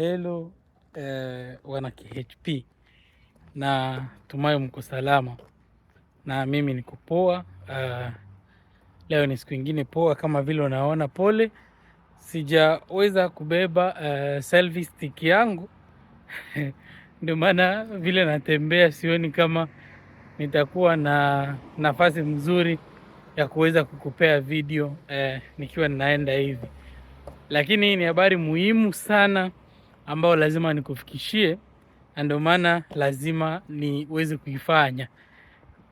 Hello eh, wana KHP, na tumayo mko salama na mimi niko poa. Uh, leo ni siku ingine poa kama vile unaona. Pole sijaweza kubeba uh, selfie stick yangu ndio maana vile natembea, sioni kama nitakuwa na nafasi mzuri ya kuweza kukupea video eh, nikiwa ninaenda hivi, lakini hii ni habari muhimu sana ambao lazima nikufikishie, na ndio maana lazima niweze kuifanya.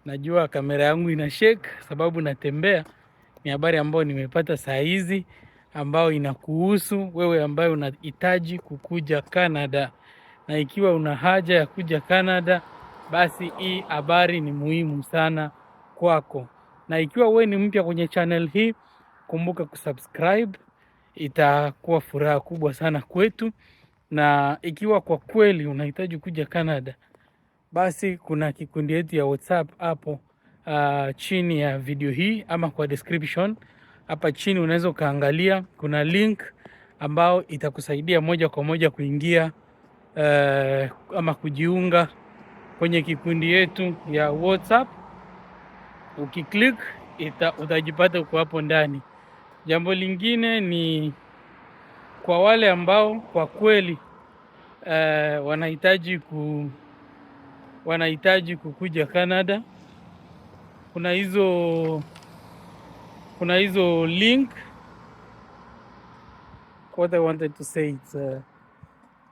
Najua kamera yangu ina shake sababu natembea. Ni habari ambayo nimepata saa hizi ambayo inakuhusu wewe ambayo unahitaji kukuja Canada, na ikiwa una haja ya kuja Canada, basi hii habari ni muhimu sana kwako. Na ikiwa wewe ni mpya kwenye channel hii, kumbuka kusubscribe, itakuwa furaha kubwa sana kwetu na ikiwa kwa kweli unahitaji kuja Canada, basi kuna kikundi yetu ya WhatsApp hapo uh, chini ya video hii ama kwa description hapa chini unaweza ukaangalia, kuna link ambayo itakusaidia moja kwa moja kuingia uh, ama kujiunga kwenye kikundi yetu ya WhatsApp. Ukiklik utajipata uko hapo ndani. Jambo lingine ni kwa wale ambao kwa kweli uh, wanahitaji ku, wanahitaji kukuja Canada, kuna hizo kuna hizo link what I wanted to say it's, uh, eh,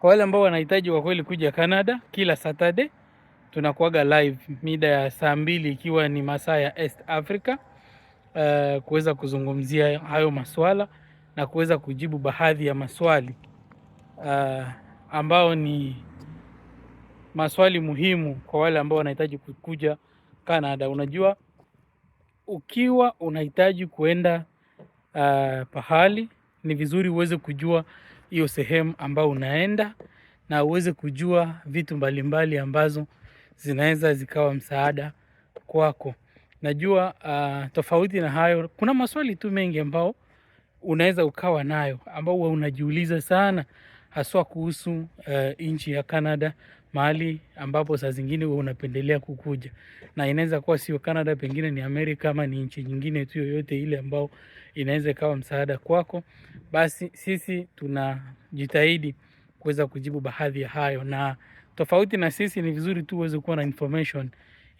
kwa wale ambao wanahitaji kwa kweli kuja Canada, kila Saturday tunakuaga live mida ya saa mbili ikiwa ni masaa ya East Africa uh, kuweza kuzungumzia hayo maswala na kuweza kujibu baadhi ya maswali uh, ambao ni maswali muhimu kwa wale ambao wanahitaji kukuja Canada. Unajua, ukiwa unahitaji kuenda uh, pahali ni vizuri uweze kujua hiyo sehemu ambayo unaenda na uweze kujua vitu mbalimbali ambazo zinaweza zikawa msaada kwako. Najua uh, tofauti na hayo kuna maswali tu mengi ambao unaweza ukawa nayo ambao huwa unajiuliza sana haswa kuhusu uh, nchi ya Canada, mahali ambapo saa zingine wewe unapendelea kukuja, na inaweza kuwa sio Canada, pengine ni Amerika ama ni nchi nyingine tu yoyote ile ambao inaweza ikawa msaada kwako. Basi sisi tunajitahidi kuweza kujibu baadhi ya hayo, na tofauti na sisi, ni vizuri tu uweze kuwa na information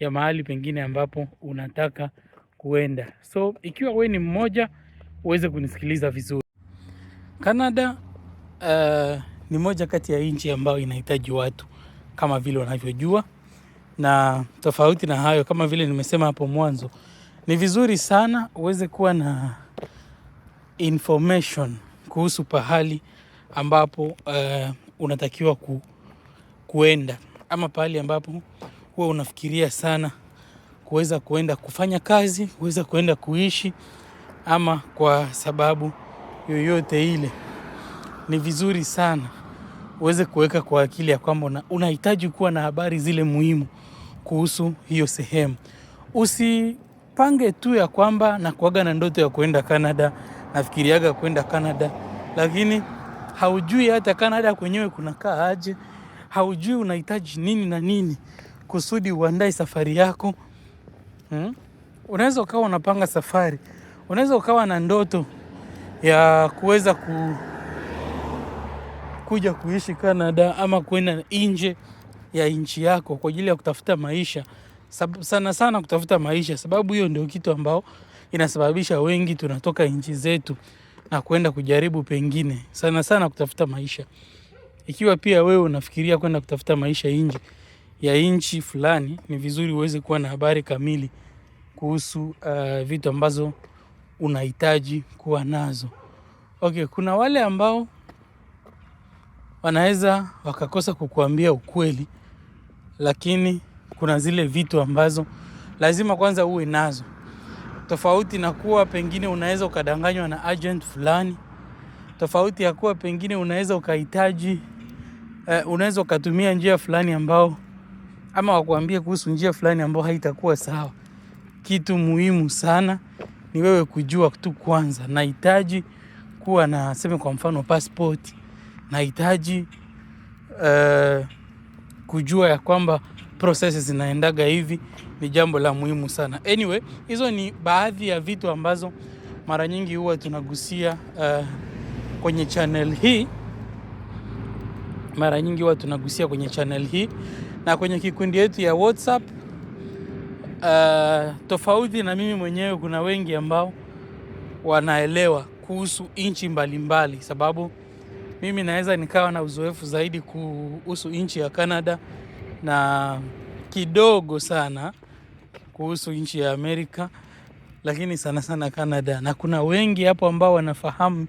ya mahali pengine ambapo unataka kuenda. So ikiwa wewe ni mmoja uweze kunisikiliza vizuri. Canada uh, eh, ni moja kati ya nchi ambayo inahitaji watu kama vile wanavyojua, na tofauti na hayo, kama vile nimesema hapo mwanzo, ni vizuri sana uweze kuwa na information kuhusu pahali ambapo uh, unatakiwa ku, kuenda ama pahali ambapo huwa unafikiria sana kuweza kuenda kufanya kazi, kuweza kuenda kuishi ama kwa sababu yoyote ile, ni vizuri sana uweze kuweka kwa akili ya kwamba unahitaji kuwa na habari zile muhimu kuhusu hiyo sehemu. Usipange tu ya kwamba nakuaga na ndoto ya kuenda Canada, nafikiriaga kwenda Canada, lakini haujui hata Canada kwenyewe kunakaa aje, haujui unahitaji nini na nini kusudi uandae safari yako hmm? Unaweza ukawa unapanga safari unaweza ukawa na ndoto ya kuweza ku, kuja kuishi Canada ama kwenda nje ya nchi yako kwa ajili ya kutafuta maisha Sab, sana sana kutafuta maisha, sababu hiyo ndio kitu ambao inasababisha wengi tunatoka nchi zetu na kwenda kujaribu pengine, sana sana kutafuta maisha. Ikiwa pia wewe unafikiria kwenda kutafuta maisha nje ya nchi fulani, ni vizuri uweze kuwa na habari kamili kuhusu uh, vitu ambazo unahitaji kuwa nazo. Okay, kuna wale ambao wanaweza wakakosa kukuambia ukweli, lakini kuna zile vitu ambazo lazima kwanza uwe nazo, tofauti na kuwa pengine unaweza ukadanganywa na agent fulani, tofauti ya kuwa pengine unaweza ukahitaji eh, unaweza ukatumia njia fulani ambao ama wakuambie kuhusu njia fulani ambao haitakuwa sawa. Kitu muhimu sana ni wewe kujua tu kwanza, nahitaji kuwa na sema kwa mfano passport, nahitaji uh, kujua ya kwamba process zinaendaga hivi, ni jambo la muhimu sana. Anyway, hizo ni baadhi ya vitu ambazo mara nyingi huwa tunagusia uh, kwenye channel hii mara nyingi huwa tunagusia kwenye channel hii na kwenye kikundi yetu ya WhatsApp uh, tofauti na mimi mwenyewe, kuna wengi ambao wanaelewa kuhusu nchi mbalimbali, sababu mimi naweza nikawa na uzoefu zaidi kuhusu nchi ya Canada na kidogo sana kuhusu nchi ya Amerika, lakini sana sana Canada, na kuna wengi hapo ambao wanafahamu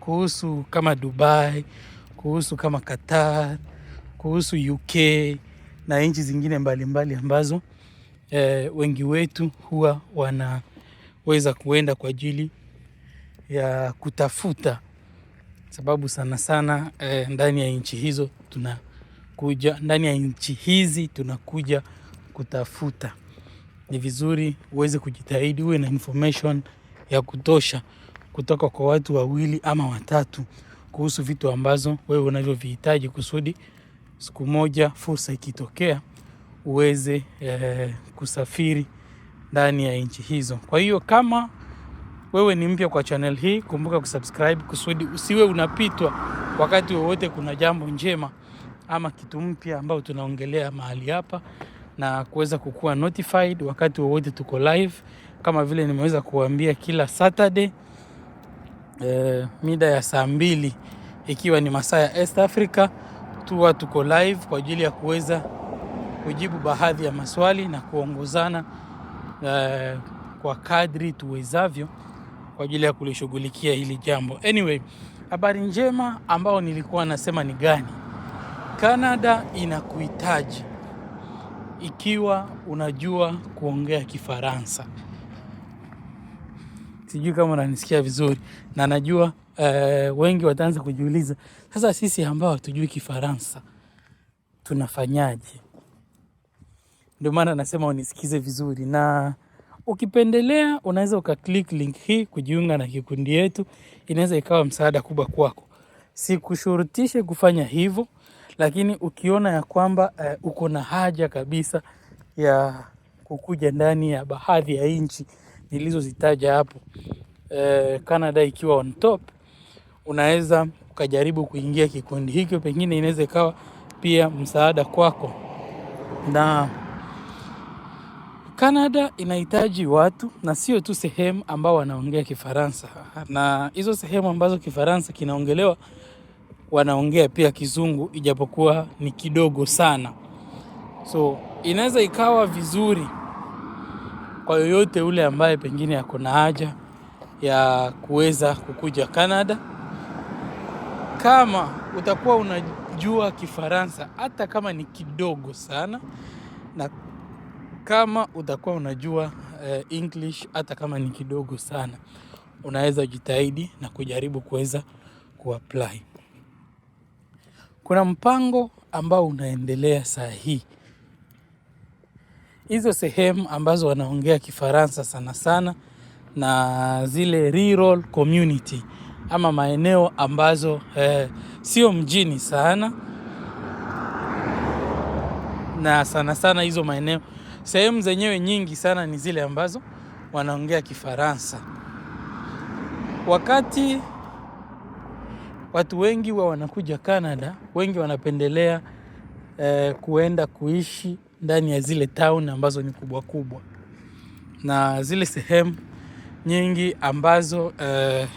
kuhusu kama Dubai, kuhusu kama Qatar, kuhusu UK na nchi zingine mbalimbali mbali ambazo e, wengi wetu huwa wanaweza kuenda kwa ajili ya kutafuta, sababu sana sana e, ndani ya nchi hizo tunakuja, ndani ya nchi hizi tunakuja kutafuta. Ni vizuri uweze kujitahidi, uwe na information ya kutosha kutoka kwa watu wawili ama watatu kuhusu vitu ambazo wewe unavyovihitaji kusudi siku moja fursa ikitokea uweze eh, kusafiri ndani ya nchi hizo. Kwa hiyo kama wewe ni mpya kwa channel hii, kumbuka kusubscribe kusudi usiwe unapitwa wakati wowote kuna jambo njema ama kitu mpya ambao tunaongelea mahali hapa, na kuweza kukuwa notified wakati wowote tuko live. Kama vile nimeweza kuambia kila Saturday eh, mida ya saa mbili ikiwa ni masaa ya East Africa, tuwa tuko live kwa ajili ya kuweza kujibu baadhi ya maswali na kuongozana uh, kwa kadri tuwezavyo kwa ajili ya kulishughulikia hili jambo. Anyway, habari njema ambayo nilikuwa nasema ni gani? Canada inakuhitaji ikiwa unajua kuongea Kifaransa. Sijui kama unanisikia vizuri, na najua eh, wengi wataanza kujiuliza sasa, sisi ambao hatujui Kifaransa tunafanyaje? Ndio maana nasema unisikize vizuri, na ukipendelea unaweza ukaklik link hii kujiunga na kikundi yetu, inaweza ikawa msaada kubwa kwako. Sikushurutishe kufanya hivyo, lakini ukiona ya kwamba uh, uko na haja kabisa ya kukuja ndani ya baadhi ya nchi nilizozitaja hapo, uh, Canada ikiwa on top, unaweza ukajaribu kuingia kikundi hicho, pengine inaweza ikawa pia msaada kwako na Canada inahitaji watu na sio tu sehemu ambao wanaongea Kifaransa, na hizo sehemu ambazo Kifaransa kinaongelewa wanaongea pia Kizungu, ijapokuwa ni kidogo sana. So inaweza ikawa vizuri kwa yoyote ule ambaye pengine ako na haja ya kuweza kukuja Canada, kama utakuwa unajua Kifaransa hata kama ni kidogo sana na kama utakuwa unajua eh, English hata kama ni kidogo sana, unaweza jitahidi na kujaribu kuweza kuapply. Kuna mpango ambao unaendelea saa hii, hizo sehemu ambazo wanaongea Kifaransa sana sana na zile rural community ama maeneo ambazo eh, sio mjini sana na sana sana hizo maeneo sehemu zenyewe nyingi sana ni zile ambazo wanaongea Kifaransa, wakati watu wengi wa wanakuja Canada, wengi wanapendelea eh, kuenda kuishi ndani ya zile town ambazo ni kubwa kubwa na zile sehemu nyingi ambazo eh,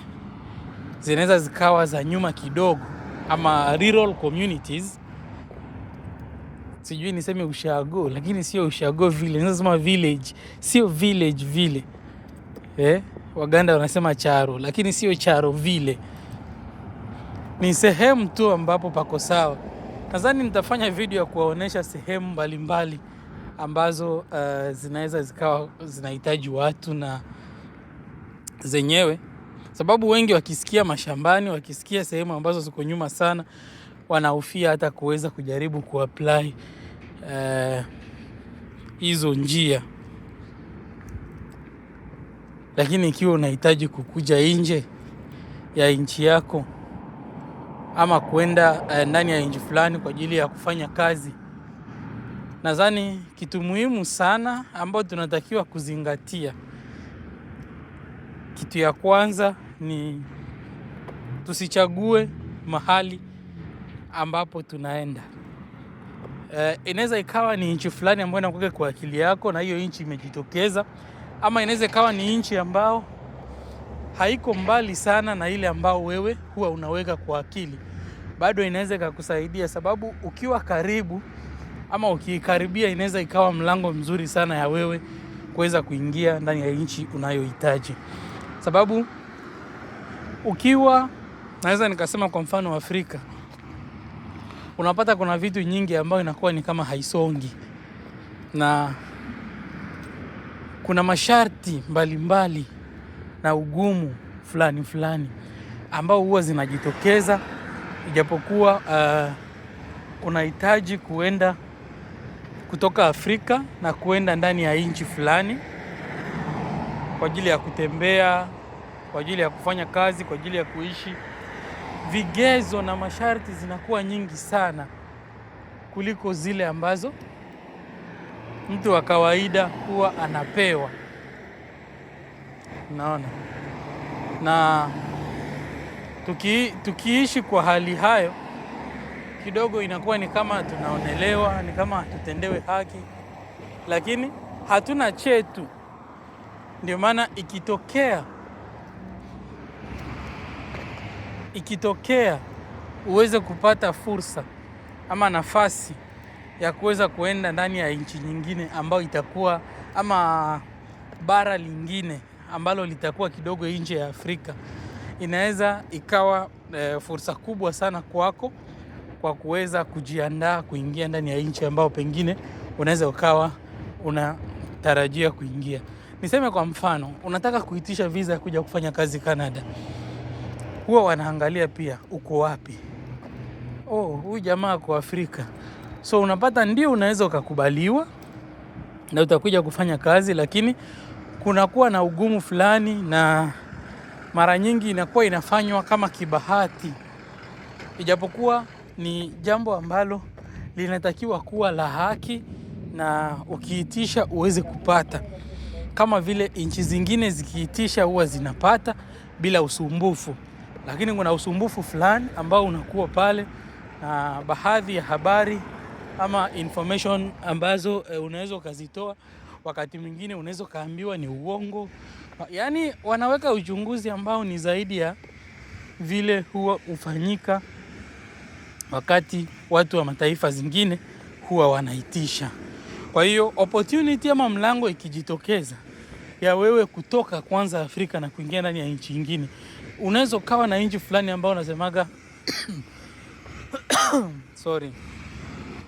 zinaweza zikawa za nyuma kidogo ama rural communities sijui niseme ushago, lakini sio ushago vile, nasema village, sio village vile eh? Waganda wanasema charo, lakini sio charo vile, ni sehemu tu ambapo pako sawa. Nadhani nitafanya video ya kuwaonesha sehemu mbalimbali ambazo uh, zinaweza zikawa zinahitaji watu na zenyewe, sababu wengi wakisikia mashambani, wakisikia sehemu ambazo ziko nyuma sana wanahofia hata kuweza kujaribu kuapply eh, hizo uh, njia. Lakini ikiwa unahitaji kukuja nje ya nchi yako ama kwenda uh, ndani ya nchi fulani kwa ajili ya kufanya kazi, nadhani kitu muhimu sana ambayo tunatakiwa kuzingatia, kitu ya kwanza ni tusichague mahali ambapo tunaenda. Uh, inaweza ikawa ni nchi fulani ambayo inakuja kwa akili yako na hiyo nchi imejitokeza, ama inaweza ikawa ni nchi ambao haiko mbali sana na ile ambao wewe huwa unaweka kwa akili, bado inaweza ikakusaidia, sababu ukiwa karibu ama ukiikaribia, inaweza ikawa mlango mzuri sana ya wewe kuweza kuingia ndani ya nchi unayohitaji, sababu ukiwa naweza nikasema kwa mfano Afrika unapata kuna vitu nyingi ambayo inakuwa ni kama haisongi, na kuna masharti mbalimbali mbali, na ugumu fulani fulani ambao huwa zinajitokeza, ijapokuwa uh, eh, unahitaji kuenda kutoka Afrika na kuenda ndani ya nchi fulani kwa ajili ya kutembea, kwa ajili ya kufanya kazi, kwa ajili ya kuishi vigezo na masharti zinakuwa nyingi sana kuliko zile ambazo mtu wa kawaida huwa anapewa. Naona na tuki, tukiishi kwa hali hayo kidogo inakuwa ni kama tunaonelewa, ni kama hatutendewe haki, lakini hatuna chetu. Ndio maana ikitokea ikitokea uweze kupata fursa ama nafasi ya kuweza kuenda ndani ya nchi nyingine ambayo itakuwa ama bara lingine ambalo litakuwa kidogo nje ya Afrika, inaweza ikawa e, fursa kubwa sana kwako kwa kuweza kujiandaa kuingia ndani ya nchi ambayo pengine unaweza ukawa unatarajia kuingia. Niseme kwa mfano, unataka kuitisha visa ya kuja kufanya kazi Canada huwa wanaangalia pia uko wapi. Oh, huyu jamaa kwa Afrika, so unapata ndio unaweza ukakubaliwa na utakuja kufanya kazi, lakini kunakuwa na ugumu fulani, na mara nyingi inakuwa inafanywa kama kibahati, ijapokuwa ni jambo ambalo linatakiwa kuwa la haki na ukiitisha uweze kupata, kama vile nchi zingine zikiitisha huwa zinapata bila usumbufu lakini kuna usumbufu fulani ambao unakuwa pale na baadhi ya habari ama information ambazo e, unaweza ukazitoa, wakati mwingine unaweza ukaambiwa ni uongo. Yaani wanaweka uchunguzi ambao ni zaidi ya vile huwa hufanyika wakati watu wa mataifa zingine huwa wanaitisha. Kwa hiyo opportunity ama mlango ikijitokeza ya wewe kutoka kwanza Afrika na kuingia ndani ya nchi nyingine unaweza ukawa na inji fulani ambao unasemaga sorry,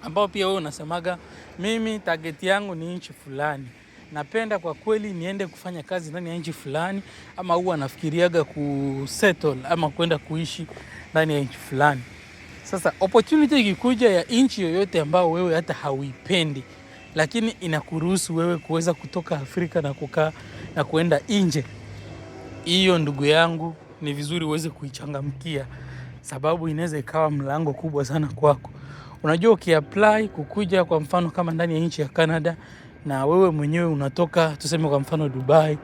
ambao pia wewe unasemaga mimi target yangu ni inchi fulani, napenda kwa kweli niende kufanya kazi ndani ya inchi fulani, ama huwa nafikiriaga settle ama kwenda kuishi ndani ya inchi fulani. Sasa opportunity ikikuja ya inchi yoyote ambao wewe hata hauipendi, lakini inakuruhusu wewe kuweza kutoka Afrika na kukaa na kuenda nje, hiyo ndugu yangu ni vizuri uweze kuichangamkia, sababu inaweza ikawa mlango kubwa sana kwako. Unajua, ukiapply kukuja kwa mfano kama ndani ya nchi ya Canada na wewe mwenyewe unatoka tuseme kwa mfano Dubai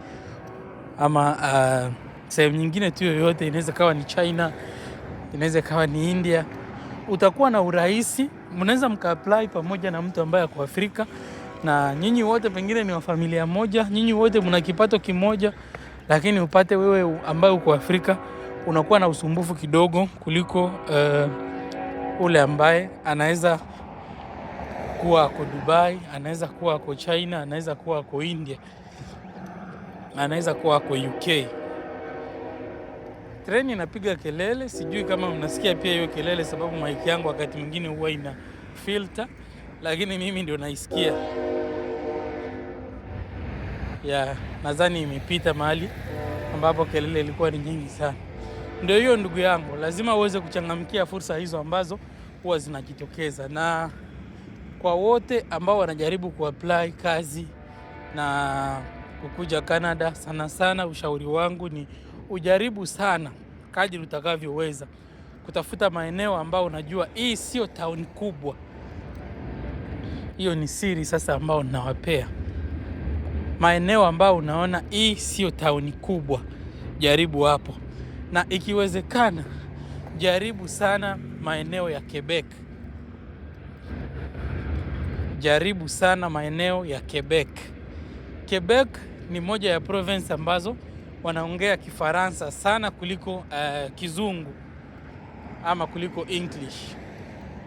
ama uh, sehemu nyingine tu yoyote, inaweza kawa ni China, inaweza kawa ni India, utakuwa na urahisi, mnaweza mkaapply pamoja na mtu ambaye ako Afrika na nyinyi wote pengine ni wa familia moja, nyinyi wote mna kipato kimoja lakini upate wewe ambaye uko Afrika unakuwa na usumbufu kidogo kuliko uh, ule ambaye anaweza kuwa ako Dubai, anaweza kuwa ako China, anaweza kuwa ako India, anaweza kuwa ako UK. Treni inapiga kelele, sijui kama mnasikia pia hiyo kelele, sababu maiki yangu wakati mwingine huwa ina filter, lakini mimi ndio naisikia ya nadhani imepita mahali ambapo kelele ilikuwa ni nyingi sana. Ndio hiyo ndugu yangu, lazima uweze kuchangamkia fursa hizo ambazo huwa zinajitokeza, na kwa wote ambao wanajaribu kuapply kazi na kukuja Canada, sana sana ushauri wangu ni ujaribu sana kadri utakavyoweza kutafuta maeneo ambayo unajua hii sio town kubwa. Hiyo ni siri sasa ambao ninawapea maeneo ambayo unaona hii sio tauni kubwa, jaribu hapo, na ikiwezekana jaribu sana maeneo ya Quebec, jaribu sana maeneo ya Quebec. Quebec ni moja ya province ambazo wanaongea Kifaransa sana kuliko uh, Kizungu ama kuliko English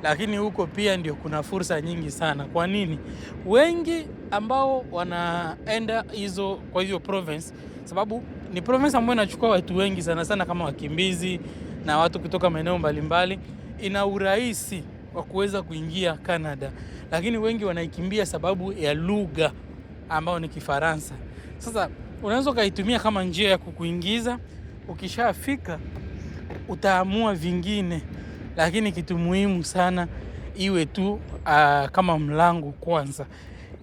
lakini huko pia ndio kuna fursa nyingi sana. Kwa nini wengi ambao wanaenda hizo kwa hiyo province, sababu ni province ambayo inachukua watu wengi sana sana kama wakimbizi na watu kutoka maeneo mbalimbali, ina urahisi wa kuweza kuingia Canada, lakini wengi wanaikimbia sababu ya lugha ambayo ni Kifaransa. Sasa unaweza ukaitumia kama njia ya kukuingiza, ukishafika utaamua vingine lakini kitu muhimu sana iwe tu uh, kama mlango kwanza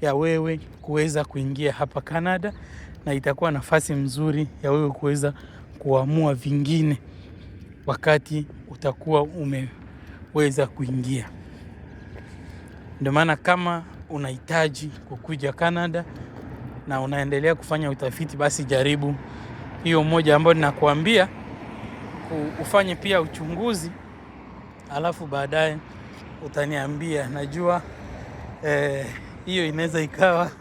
ya wewe kuweza kuingia hapa Canada, na itakuwa nafasi mzuri ya wewe kuweza kuamua vingine wakati utakuwa umeweza kuingia. Ndio maana kama unahitaji kukuja Canada na unaendelea kufanya utafiti, basi jaribu hiyo moja ambayo ninakuambia, ufanye pia uchunguzi alafu baadaye utaniambia. Najua eh, hiyo eh, inaweza ikawa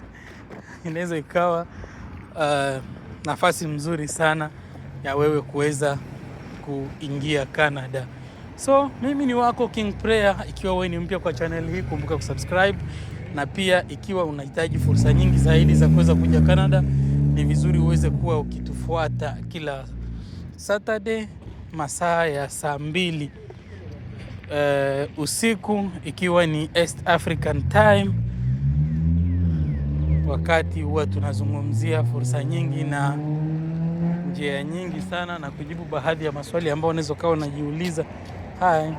inaweza ikawa uh, nafasi mzuri sana ya wewe kuweza kuingia Canada. So mimi ni wako King Prayer. Ikiwa wewe ni mpya kwa channel hii, kumbuka kusubscribe, na pia ikiwa unahitaji fursa nyingi zaidi za kuweza kuja Canada, ni vizuri uweze kuwa ukitufuata kila Saturday masaa ya saa mbili uh, usiku ikiwa ni East African Time, wakati huwa tunazungumzia fursa nyingi na njia nyingi sana na kujibu baadhi ya maswali ambayo unaweza ukawa unajiuliza haya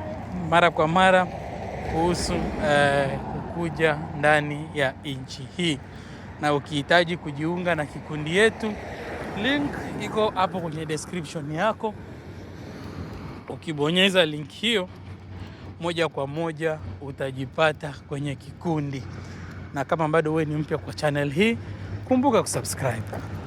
mara kwa mara kuhusu uh, kukuja ndani ya nchi hii, na ukihitaji kujiunga na kikundi yetu, link iko hapo kwenye description yako. Ukibonyeza link hiyo moja kwa moja utajipata kwenye kikundi, na kama bado wewe ni mpya kwa channel hii, kumbuka kusubscribe.